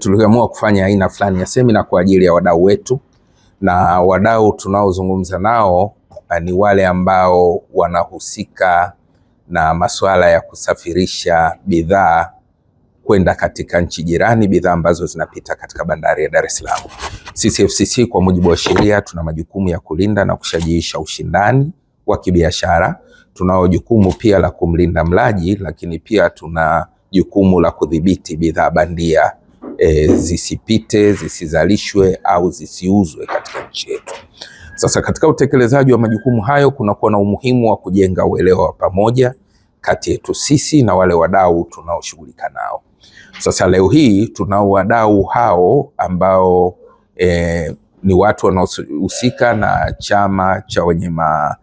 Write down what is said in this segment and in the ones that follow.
tuliamua kufanya aina fulani ya semina kwa ajili ya wadau wetu, na wadau tunaozungumza nao eh, ni wale ambao wanahusika na masuala ya kusafirisha bidhaa kwenda katika nchi jirani, bidhaa ambazo zinapita katika bandari ya Dar es Salaam. Sisi FCC kwa mujibu wa sheria tuna majukumu ya kulinda na kushajiisha ushindani wa kibiashara. Tunao jukumu pia la kumlinda mlaji, lakini pia tuna jukumu la kudhibiti bidhaa bandia e, zisipite, zisizalishwe au zisiuzwe katika nchi yetu. Sasa katika utekelezaji wa majukumu hayo kunakuwa na umuhimu wa kujenga uelewa wa pamoja kati yetu sisi na wale wadau tunaoshughulika nao. Sasa leo hii tunao wadau hao ambao e, ni watu wanaohusika na chama cha wenye ma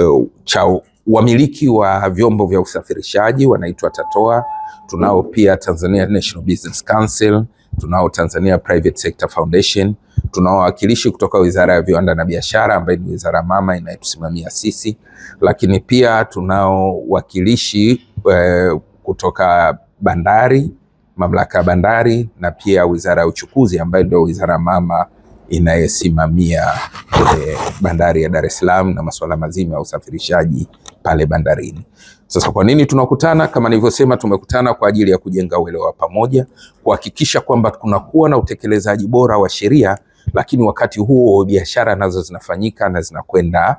e, cha wamiliki wa vyombo vya usafirishaji wanaitwa TATOA. Tunao pia Tanzania National Business Council, tunao Tanzania Private Sector Foundation, tunao wawakilishi kutoka Wizara ya Viwanda na Biashara ambayo ni wizara mama inayotusimamia sisi, lakini pia tunao wakilishi eh, kutoka bandari, mamlaka ya bandari na pia Wizara ya Uchukuzi ambayo ndio wizara mama inayesimamia eh, bandari ya Dar es Salaam na masuala mazima ya usafirishaji pale bandarini. Sasa kwa nini tunakutana? Kama nilivyosema, tumekutana kwa ajili ya kujenga uelewa pamoja, kuhakikisha kwamba kunakuwa na utekelezaji bora wa sheria, lakini wakati huo biashara nazo zinafanyika na zinakwenda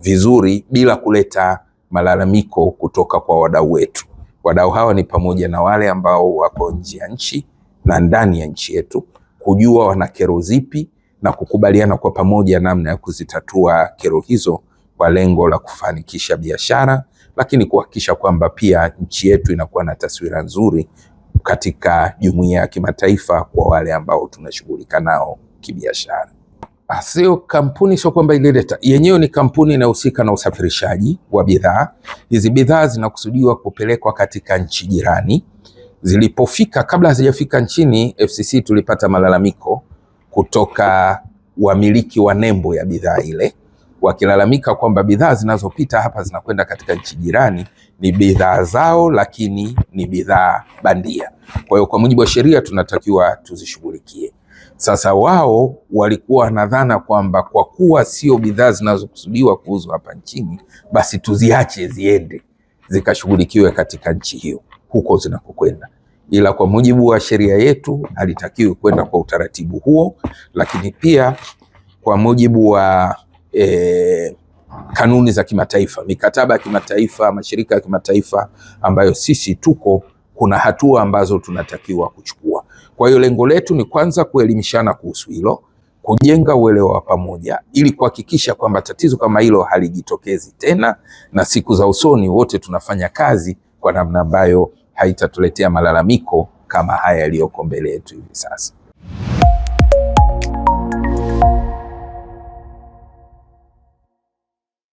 vizuri bila kuleta malalamiko kutoka kwa wadau wetu. Wadau hawa ni pamoja na wale ambao wako nje ya nchi na ndani ya nchi yetu, kujua wana kero zipi na kukubaliana kwa pamoja namna ya kuzitatua kero hizo kwa lengo la kufanikisha biashara, lakini kuhakikisha kwamba pia nchi yetu inakuwa na taswira nzuri katika jumuiya ya kimataifa kwa wale ambao tunashughulika nao kibiashara. Ah, sio kampuni, sio kwamba ilileta yenyewe, ni kampuni inayohusika na usafirishaji wa bidhaa. Hizi bidhaa zinakusudiwa kupelekwa katika nchi jirani. Zilipofika, kabla hazijafika nchini, FCC tulipata malalamiko kutoka wamiliki wa nembo ya bidhaa ile, wakilalamika kwamba bidhaa zinazopita hapa zinakwenda katika nchi jirani ni bidhaa zao, lakini ni bidhaa bandia. Kwa hiyo kwa mujibu wa sheria tunatakiwa tuzishughulikie. Sasa wao walikuwa wanadhana kwamba kwa kuwa sio bidhaa zinazokusudiwa kuuzwa hapa nchini, basi tuziache ziende zikashughulikiwe katika nchi hiyo huko zinakokwenda ila kwa mujibu wa sheria yetu alitakiwa kwenda kwa utaratibu huo, lakini pia kwa mujibu wa e, kanuni za kimataifa, mikataba ya kimataifa, mashirika ya kimataifa ambayo sisi tuko, kuna hatua ambazo tunatakiwa kuchukua. Kwa hiyo lengo letu ni kwanza kuelimishana kuhusu hilo, kujenga uelewa wa pamoja, ili kuhakikisha kwamba tatizo kama hilo halijitokezi tena, na siku za usoni wote tunafanya kazi kwa namna ambayo haitatuletea malalamiko kama haya yaliyoko mbele yetu hivi sasa.